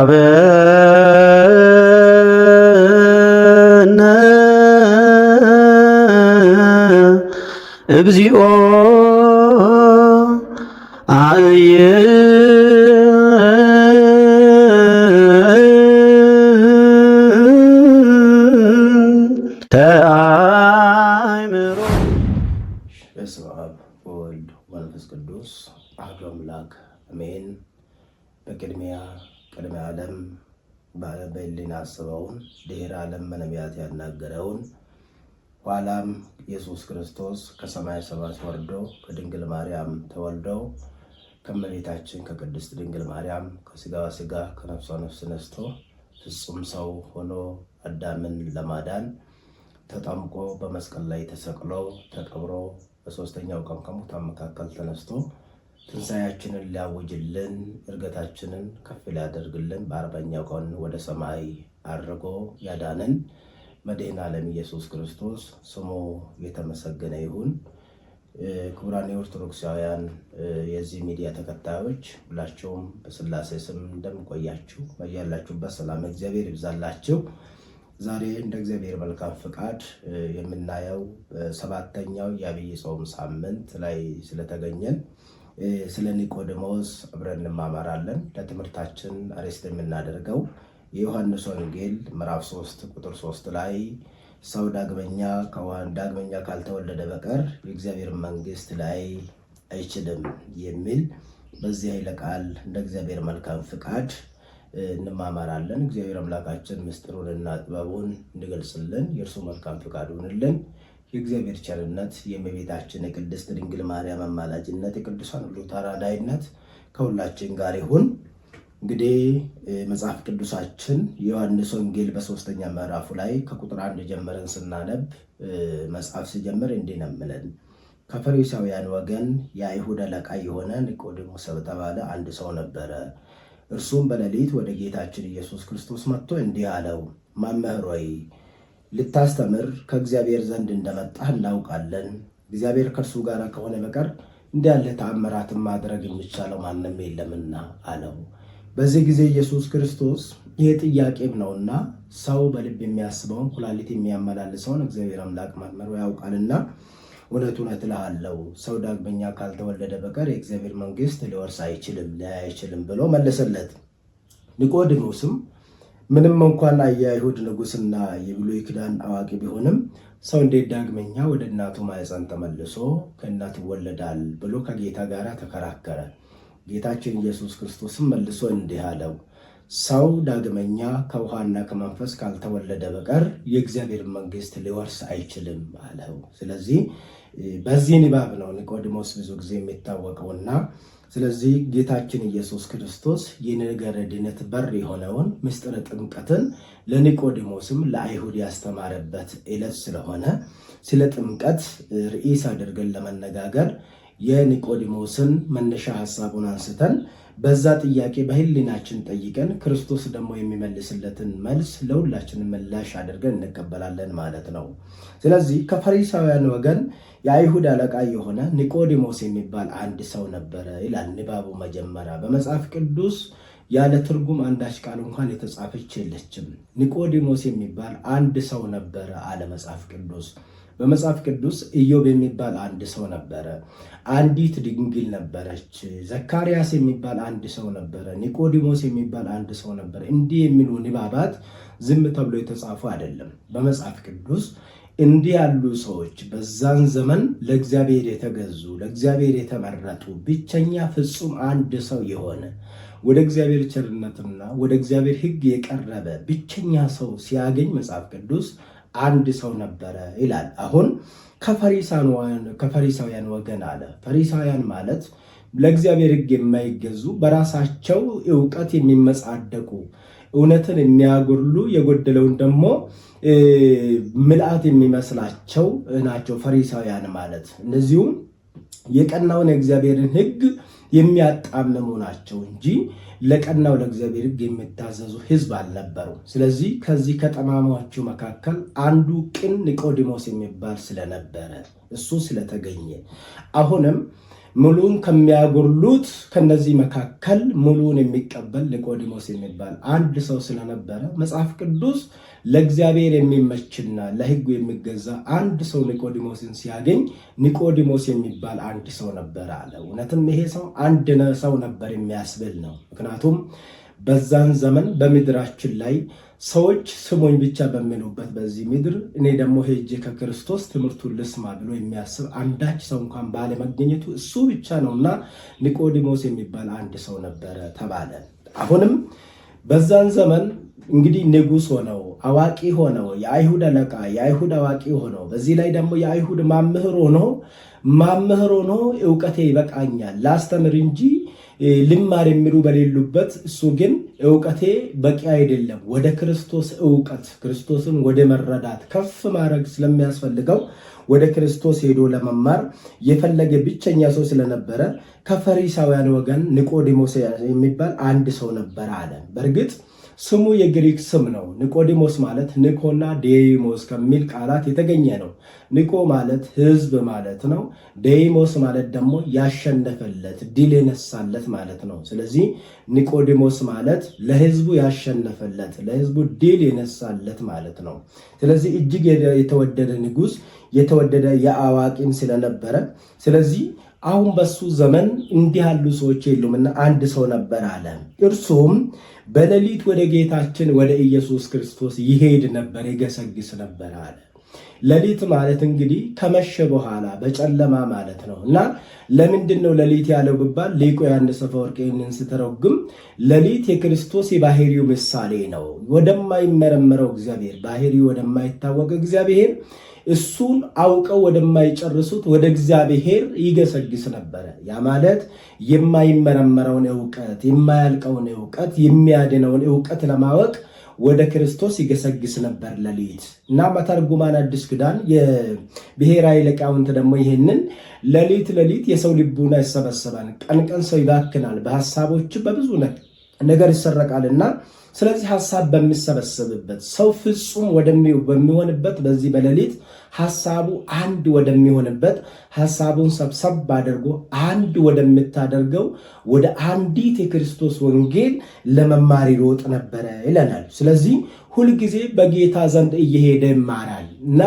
አበነ እግዚኦ የሚያስበውን ድኅረ ዓለም መነቢያት ያናገረውን ኋላም ኢየሱስ ክርስቶስ ከሰማይ ሰባት ወርዶ ከድንግል ማርያም ተወልደው ከመቤታችን ከቅድስት ድንግል ማርያም ከስጋዋ ስጋ ከነፍሷ ነፍስ ነስቶ ፍጹም ሰው ሆኖ አዳምን ለማዳን ተጠምቆ በመስቀል ላይ ተሰቅሎ ተቀብሮ በሶስተኛው ቀን ከሙታን መካከል ተነስቶ ትንሣያችንን ሊያውጅልን እርገታችንን ከፍ ሊያደርግልን በአርባኛው ቀን ወደ ሰማይ አድርጎ ያዳነን መድኃኔ ዓለም ኢየሱስ ክርስቶስ ስሙ የተመሰገነ ይሁን። ክቡራን የኦርቶዶክሳውያን የዚህ ሚዲያ ተከታዮች ሁላቸውም በስላሴ ስም እንደምቆያችሁ በያላችሁበት ሰላም እግዚአብሔር ይብዛላችሁ። ዛሬ እንደ እግዚአብሔር መልካም ፍቃድ የምናየው ሰባተኛው የአብይ ጾም ሳምንት ላይ ስለተገኘን ስለ ኒቆዲሞስ አብረን እንማማራለን። ለትምህርታችን አርዕስት የምናደርገው የዮሐንስ ወንጌል ምዕራፍ 3 ቁጥር 3 ላይ ሰው ዳግመኛ ከውሃ ዳግመኛ ካልተወለደ በቀር የእግዚአብሔር መንግስት ላይ አይችልም የሚል በዚህ ኃይለ ቃል እንደ እግዚአብሔር መልካም ፍቃድ እንማማራለን። እግዚአብሔር አምላካችን ምስጢሩንና ጥበቡን እንገልጽልን፣ የእርሱ መልካም ፍቃድ ይሁንልን። የእግዚአብሔር ቸርነት፣ የእመቤታችን የቅድስት ድንግል ማርያም አማላጅነት፣ የቅዱሳን ሁሉ ተራዳይነት ከሁላችን ጋር ይሁን። እንግዲህ መጽሐፍ ቅዱሳችን የዮሐንስ ወንጌል በሶስተኛ ምዕራፉ ላይ ከቁጥር አንድ ጀምረን ስናነብ መጽሐፍ ሲጀምር እንዲህ ነው የሚለን። ከፈሪሳውያን ወገን የአይሁድ አለቃ የሆነ ኒቆዲሞስ የተባለ አንድ ሰው ነበረ። እርሱም በሌሊት ወደ ጌታችን ኢየሱስ ክርስቶስ መጥቶ እንዲህ አለው፣ መምህር ሆይ ልታስተምር ከእግዚአብሔር ዘንድ እንደመጣህ እናውቃለን። እግዚአብሔር ከእርሱ ጋር ከሆነ በቀር እንዲያለ ተአምራትን ማድረግ የሚቻለው ማንም የለምና አለው። በዚህ ጊዜ ኢየሱስ ክርስቶስ ይህ ጥያቄም ነውና ሰው በልብ የሚያስበውን ኩላሊት የሚያመላልሰውን እግዚአብሔር አምላክ መርምሮ ያውቃልና እውነት እውነት እልሃለሁ ሰው ዳግመኛ ካልተወለደ በቀር የእግዚአብሔር መንግስት ሊወርስ አይችልም ሊያይ አይችልም ብሎ መለሰለት። ኒቆዲሞስም ምንም እንኳን የአይሁድ ንጉስና የብሉይ ኪዳን አዋቂ ቢሆንም ሰው እንዴት ዳግመኛ ወደ እናቱ ማኅፀን ተመልሶ ከእናት ይወለዳል ብሎ ከጌታ ጋር ተከራከረ። ጌታችን ኢየሱስ ክርስቶስም መልሶ እንዲህ አለው፣ ሰው ዳግመኛ ከውሃና ከመንፈስ ካልተወለደ በቀር የእግዚአብሔር መንግስት ሊወርስ አይችልም አለው። ስለዚህ በዚህ ንባብ ነው ኒቆዲሞስ ብዙ ጊዜ የሚታወቀውና ስለዚህ ጌታችን ኢየሱስ ክርስቶስ የነገረ ድነት በር የሆነውን ምስጢረ ጥምቀትን ለኒቆዲሞስም ለአይሁድ ያስተማረበት ዕለት ስለሆነ ስለ ጥምቀት ርዕስ አድርገን ለመነጋገር የኒቆዲሞስን መነሻ ሀሳቡን አንስተን በዛ ጥያቄ በህሊናችን ጠይቀን ክርስቶስ ደግሞ የሚመልስለትን መልስ ለሁላችንም ምላሽ አድርገን እንቀበላለን ማለት ነው። ስለዚህ ከፈሪሳውያን ወገን የአይሁድ አለቃ የሆነ ኒቆዲሞስ የሚባል አንድ ሰው ነበረ ይላል ንባቡ መጀመሪያ። በመጽሐፍ ቅዱስ ያለ ትርጉም አንዳች ቃል እንኳን የተጻፈች የለችም። ኒቆዲሞስ የሚባል አንድ ሰው ነበረ አለ መጽሐፍ ቅዱስ። በመጽሐፍ ቅዱስ ኢዮብ የሚባል አንድ ሰው ነበረ፣ አንዲት ድንግል ነበረች፣ ዘካርያስ የሚባል አንድ ሰው ነበረ፣ ኒቆዲሞስ የሚባል አንድ ሰው ነበረ። እንዲህ የሚሉ ንባባት ዝም ተብሎ የተጻፉ አይደለም። በመጽሐፍ ቅዱስ እንዲህ ያሉ ሰዎች በዛን ዘመን ለእግዚአብሔር የተገዙ ለእግዚአብሔር የተመረጡ ብቸኛ ፍጹም አንድ ሰው የሆነ ወደ እግዚአብሔር ቸርነትና ወደ እግዚአብሔር ሕግ የቀረበ ብቸኛ ሰው ሲያገኝ መጽሐፍ ቅዱስ አንድ ሰው ነበረ ይላል። አሁን ከፈሪሳውያን ወገን አለ። ፈሪሳውያን ማለት ለእግዚአብሔር ሕግ የማይገዙ በራሳቸው እውቀት የሚመጻደቁ እውነትን የሚያጎሉ የጎደለውን ደግሞ ምልአት የሚመስላቸው ናቸው። ፈሪሳውያን ማለት እነዚሁም የቀናውን የእግዚአብሔርን ሕግ የሚያጣምሙ ናቸው እንጂ ለቀናው ለእግዚአብሔር ሕግ የሚታዘዙ ሕዝብ አልነበሩም። ስለዚህ ከዚህ ከጠማማዎቹ መካከል አንዱ ቅን ኒቆዲሞስ የሚባል ስለነበረ እሱ ስለተገኘ አሁንም ሙሉን ከሚያጉርሉት ከነዚህ መካከል ሙሉን የሚቀበል ኒቆዲሞስ የሚባል አንድ ሰው ስለነበረ መጽሐፍ ቅዱስ ለእግዚአብሔር የሚመችና ለሕጉ የሚገዛ አንድ ሰው ኒቆዲሞስን ሲያገኝ ኒቆዲሞስ የሚባል አንድ ሰው ነበር አለ። እውነትም ይሄ ሰው አንድ ሰው ነበር የሚያስብል ነው። ምክንያቱም በዛን ዘመን በምድራችን ላይ ሰዎች ስሙኝ ብቻ በሚሉበት በዚህ ምድር እኔ ደግሞ ሄጄ ከክርስቶስ ትምህርቱን ልስማ ብሎ የሚያስብ አንዳች ሰው እንኳን ባለመገኘቱ እሱ ብቻ እና ኒቆዲሞስ የሚባል አንድ ሰው ነበረ ተባለ። አሁንም በዛን ዘመን እንግዲህ ንጉሥ ሆነው አዋቂ ሆነው የአይሁድ አለቃ የአይሁድ አዋቂ ሆነው በዚህ ላይ ደግሞ የአይሁድ ማምህር ሆኖ ማምህር ሆኖ እውቀቴ ይበቃኛል ላስተምር እንጂ ልማር የሚሉ በሌሉበት እሱ ግን እውቀቴ በቂ አይደለም፣ ወደ ክርስቶስ እውቀት ክርስቶስን ወደ መረዳት ከፍ ማድረግ ስለሚያስፈልገው ወደ ክርስቶስ ሄዶ ለመማር የፈለገ ብቸኛ ሰው ስለነበረ ከፈሪሳውያን ወገን ኒቆዲሞስ የሚባል አንድ ሰው ነበረ አለ በእርግጥ ስሙ የግሪክ ስም ነው። ኒቆዲሞስ ማለት ኒኮና ዴሞስ ከሚል ቃላት የተገኘ ነው። ኒቆ ማለት ህዝብ ማለት ነው። ዴሞስ ማለት ደግሞ ያሸነፈለት ድል የነሳለት ማለት ነው። ስለዚህ ኒቆዲሞስ ማለት ለህዝቡ ያሸነፈለት ለህዝቡ ድል የነሳለት ማለት ነው። ስለዚህ እጅግ የተወደደ ንጉስ የተወደደ የአዋቂም ስለነበረ ስለዚህ አሁን በሱ ዘመን እንዲህ ያሉ ሰዎች የሉም እና አንድ ሰው ነበር አለ። እርሱም በሌሊት ወደ ጌታችን ወደ ኢየሱስ ክርስቶስ ይሄድ ነበር፣ ይገሰግስ ነበር አለ። ሌሊት ማለት እንግዲህ ከመሸ በኋላ በጨለማ ማለት ነው እና ለምንድን ነው ሌሊት ያለው ብባል ሊቁ ዮሐንስ አፈወርቅ ይህንን ስተረጉም ሌሊት የክርስቶስ የባህሪው ምሳሌ ነው። ወደማይመረመረው እግዚአብሔር ባህሪው ወደማይታወቅ እግዚአብሔር እሱን አውቀው ወደማይጨርሱት ወደ እግዚአብሔር ይገሰግስ ነበረ። ያ ማለት የማይመረመረውን እውቀት፣ የማያልቀውን እውቀት፣ የሚያድነውን እውቀት ለማወቅ ወደ ክርስቶስ ይገሰግስ ነበር ሌሊት እና መተርጉማን አዲስ ክዳን የብሔራዊ ሊቃውንት ደግሞ ይህንን ለሊት ለሊት የሰው ልቡና ይሰበሰባል፣ ቀንቀን ሰው ይባክናል፣ በሀሳቦች በብዙ ነገር ይሰረቃልና ስለዚህ ሀሳብ በሚሰበሰብበት ሰው ፍጹም በሚሆንበት በዚህ በሌሊት ሀሳቡ አንድ ወደሚሆንበት ሀሳቡን ሰብሰብ አድርጎ አንድ ወደምታደርገው ወደ አንዲት የክርስቶስ ወንጌል ለመማር ይሮጥ ነበረ ይለናል። ስለዚህ ሁልጊዜ በጌታ ዘንድ እየሄደ ይማራል እና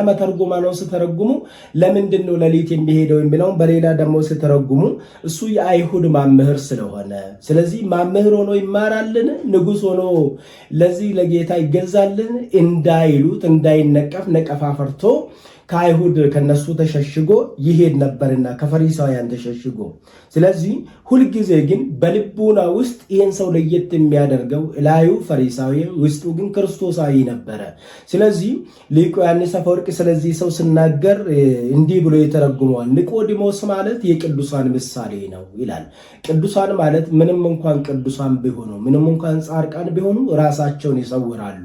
ነው ስተረጉሙ ለምንድን ነው ሌሊት የሚሄደው የሚለውን በሌላ ደግሞ ስተረጉሙ እሱ የአይሁድ ማምህር ስለሆነ፣ ስለዚህ ማምህር ሆኖ ይማራልን ንጉስ ሆኖ ለዚህ ለጌታ ይገዛልን እንዳይሉት እንዳይነቀፍ ነቀፋ ፈርቶ ከአይሁድ ከነሱ ተሸሽጎ ይሄድ ነበርና ከፈሪሳውያን ተሸሽጎ። ስለዚህ ሁልጊዜ ግን በልቡና ውስጥ ይህን ሰው ለየት የሚያደርገው ላዩ ፈሪሳዊ ውስጡ ግን ክርስቶሳዊ ነበረ። ስለዚህ ሊቁ ዮሐንስ አፈወርቅ ስለዚህ ሰው ስናገር እንዲህ ብሎ የተረጉመዋል። ኒቆዲሞስ ማለት የቅዱሳን ምሳሌ ነው ይላል። ቅዱሳን ማለት ምንም እንኳን ቅዱሳን ቢሆኑ ምንም እንኳን ጻድቃን ቢሆኑ ራሳቸውን ይሰውራሉ።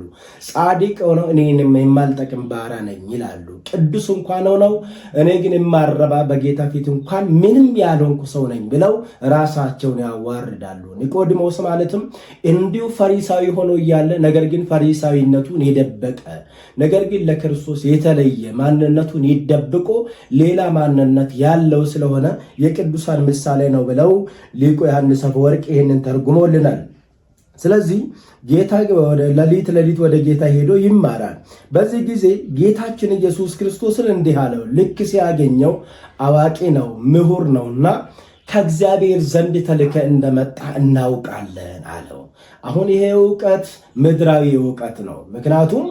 ጻድቅ ሆነው እኔ የማልጠቅም ባሪያ ነኝ ይላሉ። ቅዱስ እንኳን ሆነው እኔ ግን የማረባ በጌታ ፊት እንኳን ምንም ያልሆንኩ ሰው ነኝ ብለው ራሳቸውን ያዋርዳሉ። ኒቆዲሞስ ማለትም እንዲሁ ፈሪሳዊ ሆኖ እያለ ነገር ግን ፈሪሳዊነቱን የደበቀ ነገር ግን ለክርስቶስ የተለየ ማንነቱን ይደብቆ ሌላ ማንነት ያለው ስለሆነ የቅዱሳን ምሳሌ ነው ብለው ሊቁ ዮሐንስ አፈወርቅ ይህንን ተርጉሞልናል። ስለዚህ ጌታ ለሊት ለሊት ወደ ጌታ ሄዶ ይማራል። በዚህ ጊዜ ጌታችን ኢየሱስ ክርስቶስን እንዲህ አለው፣ ልክ ሲያገኘው አዋቂ ነው ምሁር ነውና ከእግዚአብሔር ዘንድ ተልከ እንደመጣ እናውቃለን አለው። አሁን ይሄ እውቀት ምድራዊ እውቀት ነው። ምክንያቱም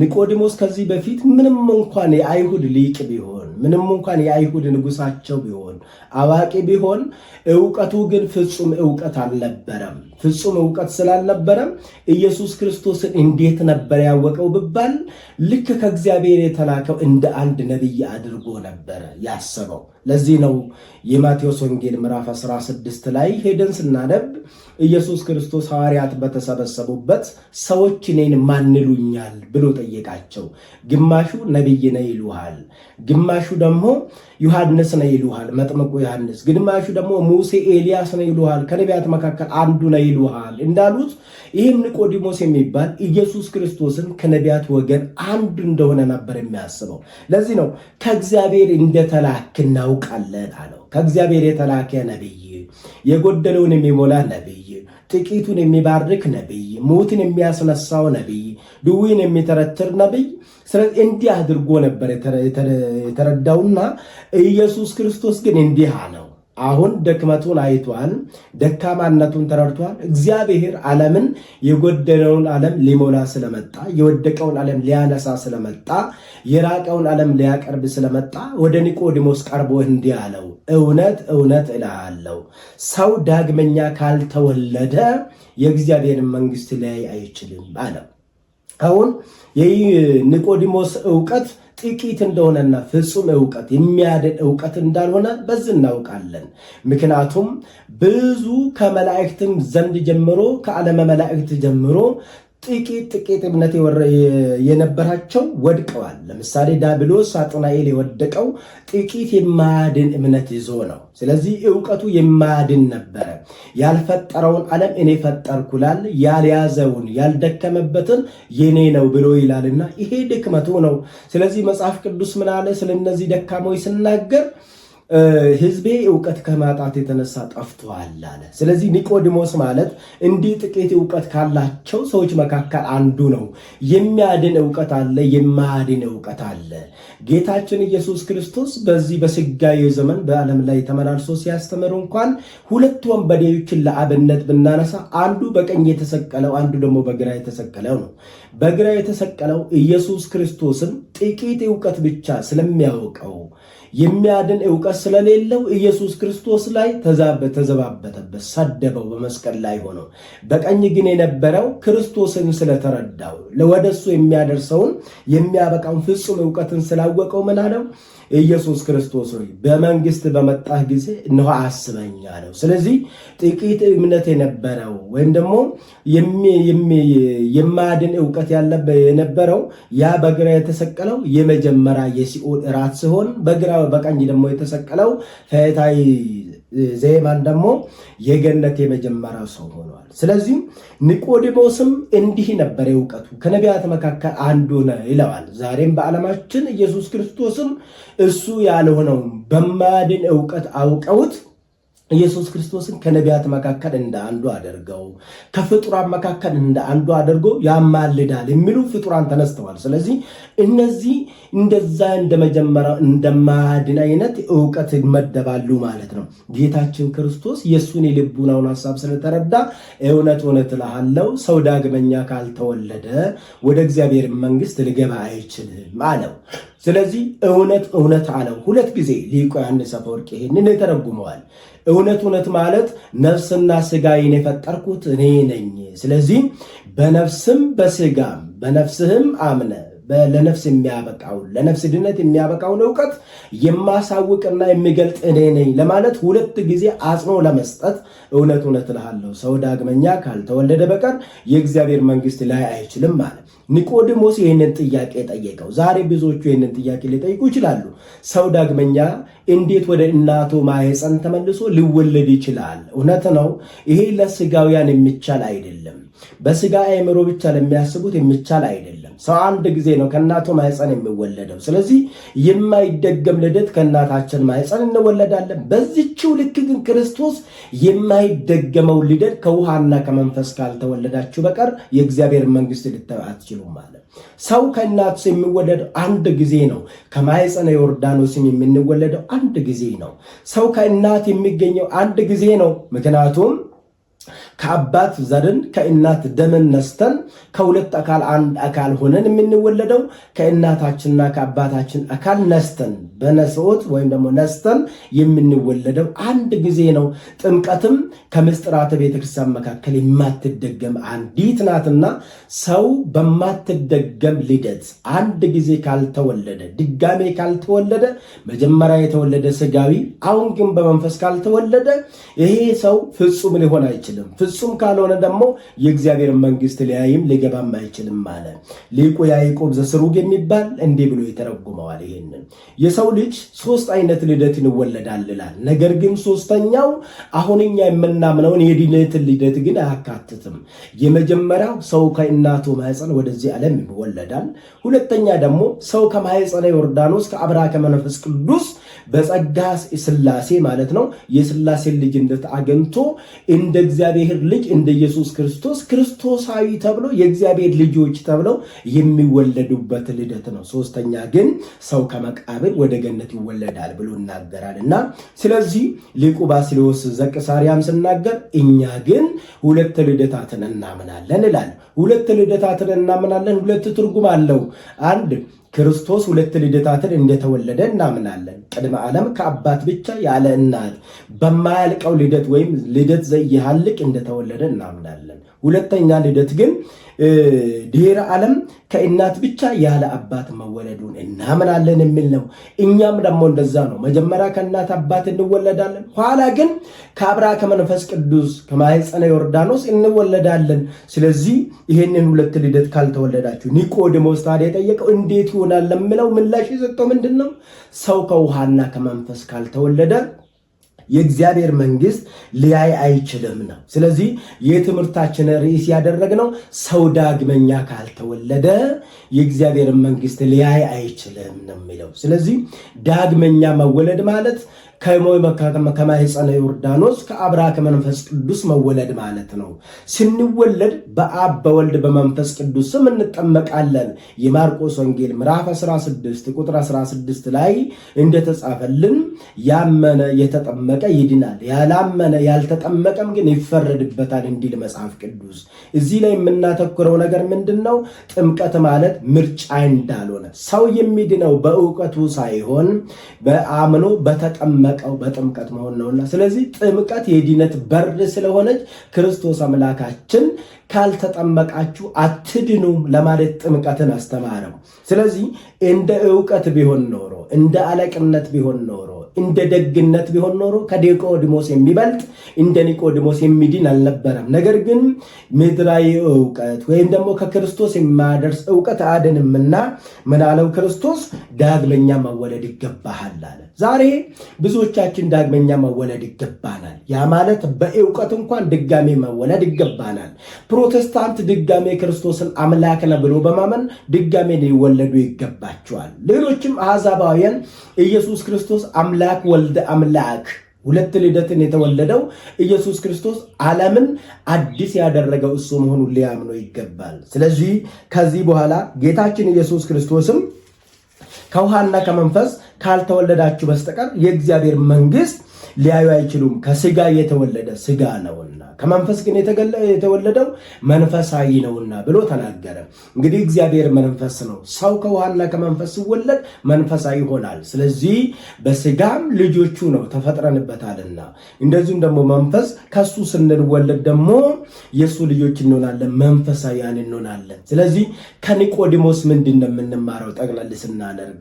ኒቆዲሞስ ከዚህ በፊት ምንም እንኳን የአይሁድ ሊቅ ቢሆን፣ ምንም እንኳን የአይሁድ ንጉሳቸው ቢሆን፣ አዋቂ ቢሆን፣ እውቀቱ ግን ፍጹም እውቀት አልነበረም። ፍጹም እውቀት ስላልነበረም ኢየሱስ ክርስቶስን እንዴት ነበር ያወቀው ብባል ልክ ከእግዚአብሔር የተላከው እንደ አንድ ነቢይ አድርጎ ነበረ ያሰበው። ለዚህ ነው የማቴዎስ ወንጌል ምዕራፍ 16 ላይ ሄደን ስናነብ ኢየሱስ ክርስቶስ ሐዋርያ ሐዋርያት በተሰበሰቡበት ሰዎች እኔን ማንሉኛል ብሎ ጠየቃቸው። ግማሹ ነቢይ ነ ይሉሃል፣ ግማሹ ደግሞ ዮሐንስ ነ ይሉሃል፣ መጥምቁ ዮሐንስ፣ ግማሹ ደግሞ ሙሴ፣ ኤልያስ ነ ይሉሃል፣ ከነቢያት መካከል አንዱ ነ ይሉሃል እንዳሉት ይህም ኒቆዲሞስ የሚባል ኢየሱስ ክርስቶስን ከነቢያት ወገን አንዱ እንደሆነ ነበር የሚያስበው። ለዚህ ነው ከእግዚአብሔር እንደተላክ እናውቃለን አለው። ከእግዚአብሔር የተላከ ነቢይ የጎደለውን የሚሞላ ነቢይ ጥቂቱን የሚባርክ ነቢይ፣ ሙትን የሚያስነሳው ነቢይ፣ ድውይን የሚተረትር ነቢይ። ስለዚህ እንዲህ አድርጎ ነበር የተረዳውና ኢየሱስ ክርስቶስ ግን እንዲህ ነው አሁን ደክመቱን አይቷል፣ ደካማነቱን ተረድቷል። እግዚአብሔር ዓለምን የጎደለውን ዓለም ሊሞላ ስለመጣ የወደቀውን ዓለም ሊያነሳ ስለመጣ የራቀውን ዓለም ሊያቀርብ ስለመጣ ወደ ኒቆዲሞስ ቀርቦ እንዲህ አለው፣ እውነት እውነት እልሃለሁ ሰው ዳግመኛ ካልተወለደ የእግዚአብሔርን መንግስት ሊያይ አይችልም አለው። አሁን ይህ ኒቆዲሞስ እውቀት ጥቂት እንደሆነና ፍጹም እውቀት የሚያድን እውቀት እንዳልሆነ በዚህ እናውቃለን። ምክንያቱም ብዙ ከመላእክትም ዘንድ ጀምሮ ከዓለመ መላእክት ጀምሮ ጥቂት ጥቂት እምነት የነበራቸው ወድቀዋል። ለምሳሌ ዳብሎስ ሳጥናኤል የወደቀው ጥቂት የማያድን እምነት ይዞ ነው። ስለዚህ እውቀቱ የማያድን ነበረ። ያልፈጠረውን ዓለም እኔ ፈጠርኩላል፣ ያልያዘውን ያልደከመበትን የኔ ነው ብሎ ይላልና ይሄ ድክመቱ ነው። ስለዚህ መጽሐፍ ቅዱስ ምናለ ስለነዚህ ደካሞች ስናገር ህዝቤ እውቀት ከማጣት የተነሳ ጠፍቷል አለ። ስለዚህ ኒቆዲሞስ ማለት እንዲህ ጥቂት እውቀት ካላቸው ሰዎች መካከል አንዱ ነው። የሚያድን እውቀት አለ፣ የማያድን እውቀት አለ። ጌታችን ኢየሱስ ክርስቶስ በዚህ በስጋዬ ዘመን በዓለም ላይ ተመላልሶ ሲያስተምር እንኳን ሁለት ወንበዴዎችን ለአብነት ብናነሳ አንዱ በቀኝ የተሰቀለው፣ አንዱ ደግሞ በግራ የተሰቀለው ነው። በግራ የተሰቀለው ኢየሱስ ክርስቶስን ጥቂት እውቀት ብቻ ስለሚያውቀው የሚያድን እውቀት ስለሌለው ኢየሱስ ክርስቶስ ላይ ተዘባበተበት፣ ሰደበው። በመስቀል ላይ ሆነው በቀኝ ግን የነበረው ክርስቶስን ስለተረዳው ለወደሱ የሚያደርሰውን የሚያበቃውን ፍጹም እውቀትን ስላወቀው ምን አለው? ኢየሱስ ክርስቶስ ሆይ በመንግስት በመጣህ ጊዜ እነሆ አስበኝ አለው። ስለዚህ ጥቂት እምነት የነበረው ወይም ደግሞ የማድን እውቀት የነበረው ያ በግራ የተሰቀለው የመጀመሪያ የሲኦል እራት ሲሆን በግራ በቀኝ ደግሞ የተሰቀለው ፈታይ ዘየማን ደግሞ የገነት የመጀመሪያው ሰው ሆኗል። ስለዚህ ኒቆዲሞስም እንዲህ ነበር እውቀቱ ከነቢያት መካከል አንዱ ነው ይለዋል። ዛሬም በዓለማችን ኢየሱስ ክርስቶስም እሱ ያልሆነውን በማያድን እውቀት አውቀውት ኢየሱስ ክርስቶስን ከነቢያት መካከል እንደ አንዱ አድርገው ከፍጡራን መካከል እንደ አንዱ አድርገው ያማልዳል የሚሉ ፍጡራን ተነስተዋል። ስለዚህ እነዚህ እንደዛ እንደመጀመሪያ እንደማያድን አይነት እውቀት ይመደባሉ ማለት ነው። ጌታችን ክርስቶስ የእሱን የልቡናውን ሀሳብ ስለተረዳ እውነት እውነት እልሃለሁ ሰው ዳግመኛ ካልተወለደ ወደ እግዚአብሔር መንግስት ሊገባ አይችልም አለው። ስለዚህ እውነት እውነት አለው ሁለት ጊዜ ሊቁ ዮሐንስ አፈወርቅ ይህንን የተረጉመዋል። እውነት እውነት ማለት ነፍስና ስጋዬን የፈጠርኩት እኔ ነኝ። ስለዚህ በነፍስም በስጋም በነፍስህም አምነ ለነፍስ የሚያበቃውን ለነፍስ ድነት የሚያበቃውን እውቀት የማሳውቅና የሚገልጥ እኔ ነኝ ለማለት ሁለት ጊዜ አጽኖ ለመስጠት እውነት እውነት እልሃለሁ ሰው ዳግመኛ ካልተወለደ በቀር የእግዚአብሔር መንግስት ላይ አይችልም ማለት። ኒቆዲሞስ ይህንን ጥያቄ ጠየቀው። ዛሬ ብዙዎቹ ይህንን ጥያቄ ሊጠይቁ ይችላሉ። ሰው ዳግመኛ እንዴት ወደ እናቱ ማህፀን ተመልሶ ሊወለድ ይችላል? እውነት ነው። ይሄ ለስጋውያን የሚቻል አይደለም። በስጋ አእምሮ ብቻ ለሚያስቡት የሚቻል አይደለም። ሰው አንድ ጊዜ ነው ከእናቱ ማህፀን የሚወለደው። ስለዚህ የማይደገም ልደት ከእናታችን ማህፀን እንወለዳለን። በዚችው ልክ ግን ክርስቶስ የማይደገመው ልደት ከውሃና ከመንፈስ ካልተወለዳችሁ በቀር የእግዚአብሔር መንግስት ልታዩ አትችሉም ማለት ሰው ከእናቱ የሚወለደው አንድ ጊዜ ነው። ከማህፀነ ዮርዳኖስን የምንወለደው አንድ ጊዜ ነው። ሰው ከእናት የሚገኘው አንድ ጊዜ ነው። ምክንያቱም ከአባት ዘርን ከእናት ደምን ነስተን ከሁለት አካል አንድ አካል ሆነን የምንወለደው ከእናታችንና ከአባታችን አካል ነስተን በነስኦት ወይም ደግሞ ነስተን የምንወለደው አንድ ጊዜ ነው። ጥምቀትም ከምስጥራተ ቤተክርስቲያን መካከል የማትደገም አንዲት ናትና ሰው በማትደገም ልደት አንድ ጊዜ ካልተወለደ ድጋሜ ካልተወለደ መጀመሪያ የተወለደ ስጋዊ፣ አሁን ግን በመንፈስ ካልተወለደ ይሄ ሰው ፍጹም ሊሆን አይችልም። ፍጹም ካልሆነ ደግሞ የእግዚአብሔር መንግስት ሊያይም ሊገባም አይችልም አለ ሊቁ ያዕቆብ ዘስሩግ የሚባል እንዲህ ብሎ ይተረጉመዋል ይሄንን የሰው ልጅ ሶስት አይነት ልደትን ይወለዳል ይላል። ነገር ግን ሶስተኛው አሁን እኛ የምናምነውን የድህነትን ልደት ግን አያካትትም። የመጀመሪያው ሰው ከእናቱ ማህፀን ወደዚህ ዓለም ይወለዳል። ሁለተኛ ደግሞ ሰው ከማህፀነ ዮርዳኖስ ከአብራ ከመንፈስ ቅዱስ በጸጋ ስላሴ ማለት ነው። የስላሴ ልጅነት አግኝቶ እንደ እግዚአብሔር ልጅ እንደ ኢየሱስ ክርስቶስ ክርስቶሳዊ ተብሎ የእግዚአብሔር ልጆች ተብለው የሚወለዱበት ልደት ነው። ሶስተኛ ግን ሰው ከመቃብር ወደ ገነት ይወለዳል ብሎ ይናገራል እና ስለዚህ ሊቁ ባስልዮስ ዘቂሳርያም ስናገር እኛ ግን ሁለት ልደታትን እናምናለን ይላል። ሁለት ልደታትን እናምናለን። ሁለት ትርጉም አለው አንድ ክርስቶስ ሁለት ልደታትን እንደተወለደ እናምናለን። ቅድመ ዓለም ከአባት ብቻ ያለ እናት በማያልቀው ልደት ወይም ልደት ዘይሃልቅ እንደተወለደ እናምናለን። ሁለተኛ ልደት ግን ድኅረ ዓለም ከእናት ብቻ ያለ አባት መወለዱን እናምናለን የሚል ነው። እኛም ደግሞ እንደዛ ነው። መጀመሪያ ከእናት አባት እንወለዳለን፣ ኋላ ግን ከአብራ ከመንፈስ ቅዱስ ከማህፀነ ዮርዳኖስ እንወለዳለን። ስለዚህ ይህንን ሁለት ልደት ካልተወለዳችሁ፣ ኒቆዲሞስ ታዲያ የጠየቀው እንዴት ይሆናል ለምለው ምላሽ የሰጠው ምንድን ነው? ሰው ከውሃና ከመንፈስ ካልተወለደ የእግዚአብሔር መንግስት ሊያይ አይችልም ነው። ስለዚህ የትምህርታችን ርዕስ ያደረግነው ሰው ዳግመኛ ካልተወለደ የእግዚአብሔር መንግስት ሊያይ አይችልም ነው የሚለው። ስለዚህ ዳግመኛ መወለድ ማለት ከሞይ ከማኅፀነ ዮርዳኖስ ከአብራ ከመንፈስ ቅዱስ መወለድ ማለት ነው። ስንወለድ በአብ በወልድ በመንፈስ ቅዱስም እንጠመቃለን። የማርቆስ ወንጌል ምዕራፍ 16 ቁጥር 16 ላይ እንደተጻፈልን ያመነ የተጠመቀ ይድናል፣ ያላመነ ያልተጠመቀም ግን ይፈረድበታል እንዲል መጽሐፍ ቅዱስ። እዚህ ላይ የምናተኩረው ነገር ምንድን ነው? ጥምቀት ማለት ምርጫ እንዳልሆነ ሰው የሚድነው በእውቀቱ ሳይሆን በአምኖ በተጠመቀ የሚጠመቀው በጥምቀት መሆን ነውና፣ ስለዚህ ጥምቀት የድነት በር ስለሆነች ክርስቶስ አምላካችን ካልተጠመቃችሁ አትድኑም ለማለት ጥምቀትን አስተማረው። ስለዚህ እንደ እውቀት ቢሆን ኖሮ እንደ አለቅነት ቢሆን ኖሮ እንደ ደግነት ቢሆን ኖሮ ከኒቆዲሞስ የሚበልጥ እንደ ኒቆዲሞስ የሚድን አልነበረም። ነገር ግን ምድራዊ እውቀት ወይም ደግሞ ከክርስቶስ የማያደርስ እውቀት አያድንምና ምናለው ክርስቶስ ዳግመኛ መወለድ ይገባሃል አለ። ዛሬ ብዙዎቻችን ዳግመኛ መወለድ ይገባናል። ያ ማለት በእውቀት እንኳን ድጋሜ መወለድ ይገባናል። ፕሮቴስታንት ድጋሜ ክርስቶስን አምላክ ነው ብሎ በማመን ድጋሜ ሊወለዱ ይገባቸዋል። ሌሎችም አሕዛባውያን ኢየሱስ ክርስቶስ አምላክ አምላክ ወልደ አምላክ ሁለት ልደትን የተወለደው ኢየሱስ ክርስቶስ ዓለምን አዲስ ያደረገው እሱ መሆኑን ሊያምነው ይገባል። ስለዚህ ከዚህ በኋላ ጌታችን ኢየሱስ ክርስቶስም ከውሃና ከመንፈስ ካልተወለዳችሁ በስተቀር የእግዚአብሔር መንግስት ሊያዩ አይችሉም። ከስጋ የተወለደ ስጋ ነውና፣ ከመንፈስ ግን የተወለደው መንፈሳዊ ነውና ብሎ ተናገረ። እንግዲህ እግዚአብሔር መንፈስ ነው። ሰው ከውሃና ከመንፈስ ሲወለድ መንፈሳዊ ይሆናል። ስለዚህ በስጋም ልጆቹ ነው ተፈጥረንበታልና፣ እንደዚሁም ደግሞ መንፈስ ከሱ ስንወለድ ደግሞ የእሱ ልጆች እንሆናለን፣ መንፈሳዊያን እንሆናለን። ስለዚህ ከኒቆዲሞስ ምንድን ነው የምንማረው? ጠቅለል ስናደርግ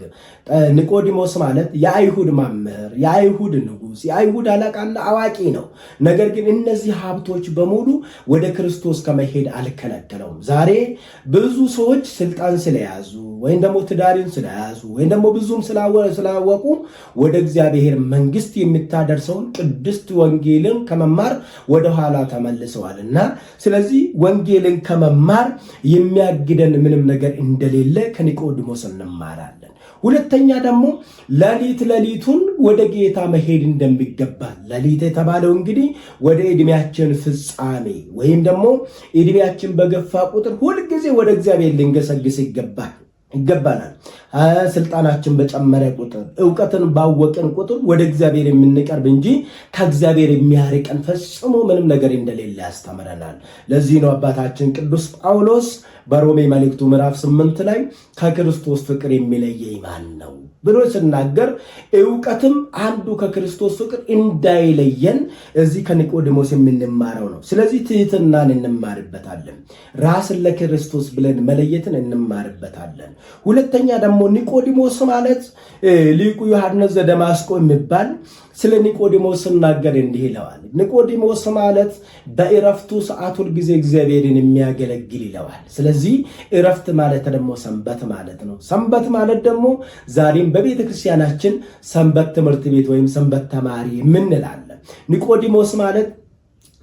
ኒቆዲሞስ ቂሮስ ማለት የአይሁድ መምህር፣ የአይሁድ ንጉሥ፣ የአይሁድ አለቃና አዋቂ ነው። ነገር ግን እነዚህ ሀብቶች በሙሉ ወደ ክርስቶስ ከመሄድ አልከለከለውም። ዛሬ ብዙ ሰዎች ስልጣን ስለያዙ ወይም ደግሞ ትዳሪን ስለያዙ ወይም ደግሞ ብዙም ስላወቁ ወደ እግዚአብሔር መንግስት የምታደርሰውን ቅድስት ወንጌልን ከመማር ወደኋላ ተመልሰዋል እና ስለዚህ ወንጌልን ከመማር የሚያግደን ምንም ነገር እንደሌለ ከኒቆዲሞስ እንማራለን። ሁለተኛ ደግሞ ለሊት ለሊቱን ወደ ጌታ መሄድ እንደሚገባ ለሊት የተባለው እንግዲህ ወደ ዕድሜያችን ፍጻሜ ወይም ደግሞ ዕድሜያችን በገፋ ቁጥር ሁልጊዜ ወደ እግዚአብሔር ልንገሰግስ ይገባል። ይገባናል። ስልጣናችን በጨመረ ቁጥር እውቀትን ባወቅን ቁጥር ወደ እግዚአብሔር የምንቀርብ እንጂ ከእግዚአብሔር የሚያርቀን ፈጽሞ ምንም ነገር እንደሌለ ያስተምረናል። ለዚህ ነው አባታችን ቅዱስ ጳውሎስ በሮሜ መልእክቱ ምዕራፍ ስምንት ላይ ከክርስቶስ ፍቅር የሚለየኝ ማን ነው ብሎ ስናገር እውቀትም አንዱ ከክርስቶስ ፍቅር እንዳይለየን እዚህ ከኒቆዲሞስ የምንማረው ነው። ስለዚህ ትህትናን እንማርበታለን። ራስን ለክርስቶስ ብለን መለየትን እንማርበታለን። ሁለተኛ ደግሞ ኒቆዲሞስ ማለት ሊቁ ዮሐንስ ዘደማስቆ የሚባል ስለ ኒቆዲሞስ ስናገር እንዲህ ይለዋል። ኒቆዲሞስ ማለት በእረፍቱ ሰዓት ሁልጊዜ እግዚአብሔርን የሚያገለግል ይለዋል። ስለዚህ እረፍት ማለት ደግሞ ሰንበት ማለት ነው። ሰንበት ማለት ደግሞ ዛሬም በቤተ ክርስቲያናችን ሰንበት ትምህርት ቤት ወይም ሰንበት ተማሪ የምንላለን። ኒቆዲሞስ ማለት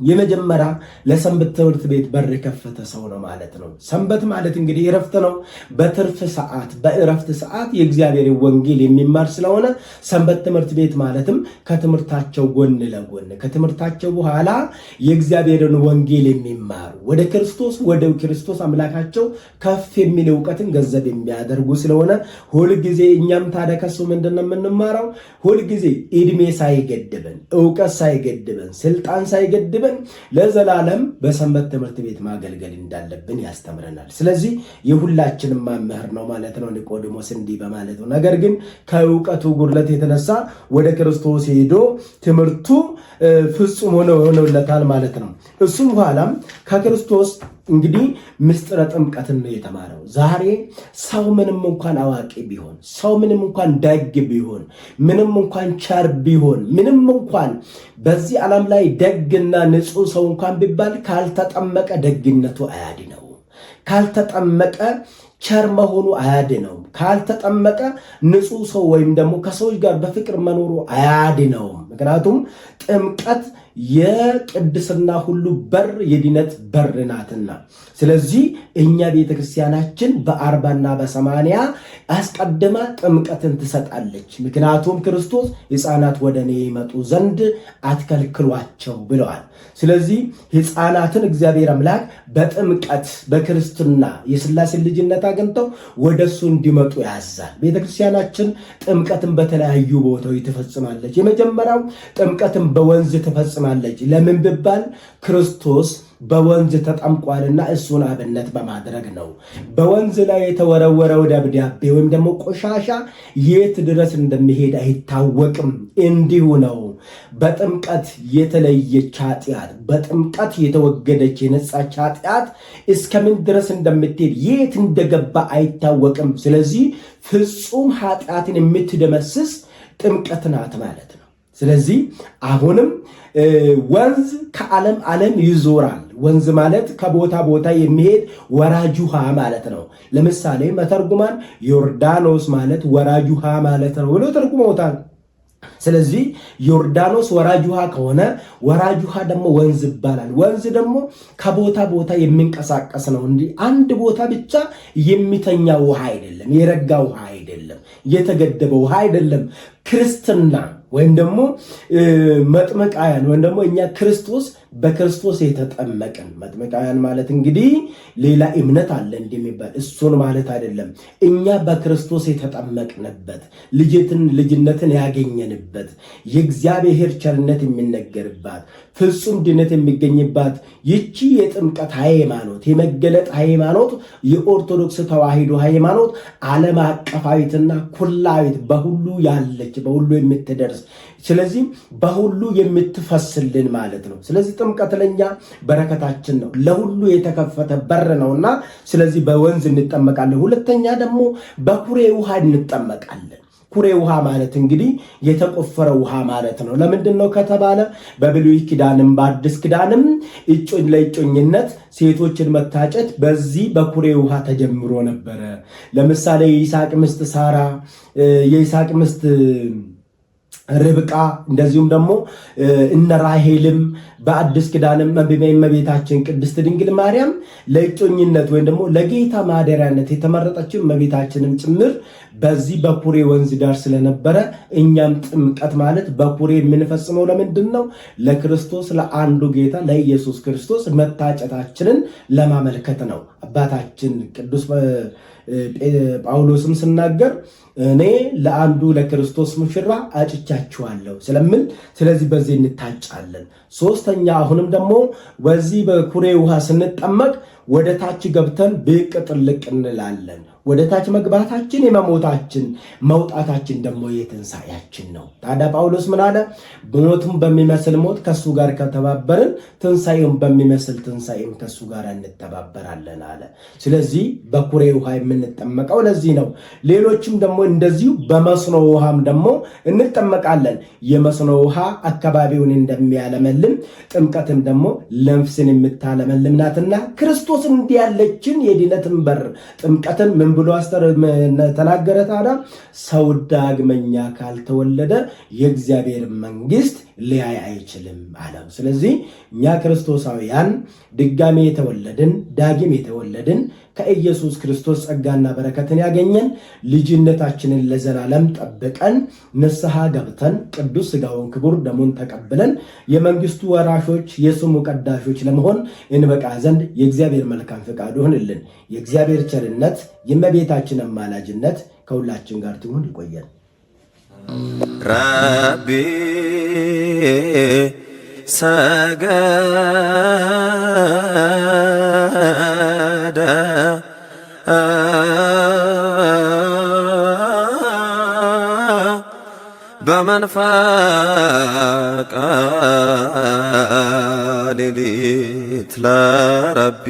የመጀመሪያ ለሰንበት ትምህርት ቤት በር የከፈተ ሰው ነው ማለት ነው። ሰንበት ማለት እንግዲህ እረፍት ነው። በትርፍ ሰዓት በእረፍት ሰዓት የእግዚአብሔር ወንጌል የሚማር ስለሆነ ሰንበት ትምህርት ቤት ማለትም ከትምህርታቸው ጎን ለጎን ከትምህርታቸው በኋላ የእግዚአብሔርን ወንጌል የሚማሩ ወደ ክርስቶስ ወደ ክርስቶስ አምላካቸው ከፍ የሚል እውቀትን ገንዘብ የሚያደርጉ ስለሆነ ሁልጊዜ እኛም ታዲያ ከሱ ምንድን ነው የምንማረው? ሁልጊዜ ዕድሜ ሳይገድበን እውቀት ሳይገድበን ስልጣን ሳይገድበን ሳይገድበን ለዘላለም በሰንበት ትምህርት ቤት ማገልገል እንዳለብን ያስተምረናል። ስለዚህ የሁላችንም መምህር ነው ማለት ነው ኒቆዲሞስ እንዲህ በማለት ነው። ነገር ግን ከእውቀቱ ጉድለት የተነሳ ወደ ክርስቶስ ሄዶ ትምህርቱ ፍጹም ሆኖ ሆኖለታል ማለት ነው። እሱም በኋላም ከክርስቶስ እንግዲህ ምስጢረ ጥምቀትን ነው የተማረው። ዛሬ ሰው ምንም እንኳን አዋቂ ቢሆን፣ ሰው ምንም እንኳን ደግ ቢሆን፣ ምንም እንኳን ቸር ቢሆን፣ ምንም እንኳን በዚህ ዓለም ላይ ደግና ንጹሕ ሰው እንኳን ቢባል ካልተጠመቀ ደግነቱ አያድነው፣ ካልተጠመቀ ቸር መሆኑ አያድነውም፣ ካልተጠመቀ ንጹሕ ሰው ወይም ደግሞ ከሰዎች ጋር በፍቅር መኖሩ አያድነውም። ምክንያቱም ጥምቀት የቅድስና ሁሉ በር የድነት በር ናትና፣ ስለዚህ እኛ ቤተ ክርስቲያናችን በአርባና በሰማንያ አስቀድማ ጥምቀትን ትሰጣለች። ምክንያቱም ክርስቶስ ሕፃናት ወደ እኔ ይመጡ ዘንድ አትከልክሏቸው ብለዋል። ስለዚህ ሕፃናትን እግዚአብሔር አምላክ በጥምቀት በክርስትና የስላሴ ልጅነት አግኝተው ወደ እሱ እንዲመጡ ያዛል። ቤተ ክርስቲያናችን ጥምቀትን በተለያዩ ቦታዎች ትፈጽማለች። የመጀመሪያው ጥምቀትን በወንዝ ትፈጽማል ትፈጽማለች። ለምን ብባል ክርስቶስ በወንዝ ተጠምቋልና እሱን አብነት በማድረግ ነው። በወንዝ ላይ የተወረወረው ደብዳቤ ወይም ደግሞ ቆሻሻ የት ድረስ እንደሚሄድ አይታወቅም። እንዲሁ ነው። በጥምቀት የተለየች ኃጢአት፣ በጥምቀት የተወገደች የነጻች ኃጢአት እስከምን ድረስ እንደምትሄድ የት እንደገባ አይታወቅም። ስለዚህ ፍጹም ኃጢአትን የምትደመስስ ጥምቀት ናት ማለት ነው። ስለዚህ አሁንም ወንዝ ከዓለም ዓለም ይዞራል። ወንዝ ማለት ከቦታ ቦታ የሚሄድ ወራጅ ውሃ ማለት ነው። ለምሳሌ መተርጉማን ዮርዳኖስ ማለት ወራጅ ውሃ ማለት ነው ብሎ ተርጉመውታል። ስለዚህ ዮርዳኖስ ወራጅ ውሃ ከሆነ ወራጅ ውሃ ደግሞ ወንዝ ይባላል። ወንዝ ደግሞ ከቦታ ቦታ የሚንቀሳቀስ ነው እንጂ አንድ ቦታ ብቻ የሚተኛ ውሃ አይደለም፣ የረጋ ውሃ አይደለም፣ የተገደበ ውሃ አይደለም። ክርስትና ወይም ደግሞ መጥመቃያን ወይም ደግሞ እኛ ክርስቶስ በክርስቶስ የተጠመቅን መጥመቃያን ማለት እንግዲህ ሌላ እምነት አለ እንደሚባል እሱን ማለት አይደለም። እኛ በክርስቶስ የተጠመቅንበት ልጅትን ልጅነትን ያገኘንበት የእግዚአብሔር ቸርነት የሚነገርባት ፍጹም ድነት የሚገኝባት ይቺ የጥምቀት ሃይማኖት የመገለጥ ሃይማኖት የኦርቶዶክስ ተዋሕዶ ሃይማኖት ዓለም አቀፋዊትና ኩላዊት በሁሉ ያለች በሁሉ የምትደርስ ስለዚህ በሁሉ የምትፈስልን ማለት ነው። ስለዚህ ጥምቀት ለኛ በረከታችን ነው፣ ለሁሉ የተከፈተ በር እና ስለዚህ በወንዝ እንጠመቃለን። ሁለተኛ ደግሞ በኩሬ ውሃ እንጠመቃለን። ኩሬ ውሃ ማለት እንግዲህ የተቆፈረ ውሃ ማለት ነው። ለምንድን ነው ከተባለ በብሉይ ኪዳንም በአዲስ ኪዳንም እጮኝ ለእጮኝነት ሴቶችን መታጨት በዚህ በኩሬ ውሃ ተጀምሮ ነበረ። ለምሳሌ የይስሐቅ ምስት ሳራ የይስሐቅ ምስት ርብቃ እንደዚሁም ደግሞ እነ ራሄልም በአዲስ ኪዳንም እመቤታችን ቅድስት ድንግል ማርያም ለእጮኝነት ወይም ደግሞ ለጌታ ማደሪያነት የተመረጠችው እመቤታችንም ጭምር በዚህ በኩሬ ወንዝ ዳር ስለነበረ እኛም ጥምቀት ማለት በኩሬ የምንፈጽመው ለምንድን ነው? ለክርስቶስ ለአንዱ ጌታ ለኢየሱስ ክርስቶስ መታጨታችንን ለማመልከት ነው። አባታችን ቅዱስ ጳውሎስም ስናገር እኔ ለአንዱ ለክርስቶስ ሙሽራ አጭቻችኋለሁ ስለምል፣ ስለዚህ በዚህ እንታጫለን። ሶስተኛ አሁንም ደግሞ በዚህ በኩሬ ውሃ ስንጠመቅ ወደ ታች ገብተን ብቅ ጥልቅ እንላለን። ወደ ታች መግባታችን የመሞታችን መውጣታችን ደግሞ የትንሣኤያችን ነው። ታዲያ ጳውሎስ ምን አለ? ሞትን በሚመስል ሞት ከእሱ ጋር ከተባበርን ትንሣኤውን በሚመስል ትንሣኤም ከእሱ ጋር እንተባበራለን አለ። ስለዚህ በኩሬ ውሃ የምንጠመቀው ለዚህ ነው። ሌሎችም ደግሞ እንደዚሁ በመስኖ ውሃም ደግሞ እንጠመቃለን። የመስኖ ውሃ አካባቢውን እንደሚያለመልም ጥምቀትም ደግሞ ነፍስን የምታለመልም ናትና ክርስቶስ ክርስቶስ ያለችን የድነትን በር ጥምቀትን ምን ብሎ ተናገረ ታዲያ? ሰው ዳግመኛ ካልተወለደ የእግዚአብሔር መንግስት ሊያይ አይችልም አለው። ስለዚህ እኛ ክርስቶሳውያን ድጋሜ የተወለድን ዳግም የተወለድን ከኢየሱስ ክርስቶስ ጸጋና በረከትን ያገኘን ልጅነታችንን ለዘላለም ጠብቀን ንስሐ ገብተን ቅዱስ ሥጋውን ክቡር ደሙን ተቀብለን የመንግስቱ ወራሾች የስሙ ቀዳሾች ለመሆን እንበቃ ዘንድ የእግዚአብሔር መልካም ፈቃዱ ይሁንልን። የእግዚአብሔር ቸርነት የእመቤታችን አማላጅነት ከሁላችን ጋር ትሁን። ይቆየን። ረቢ ሰገደ በመንፈቀ ሌሊት ለረቢ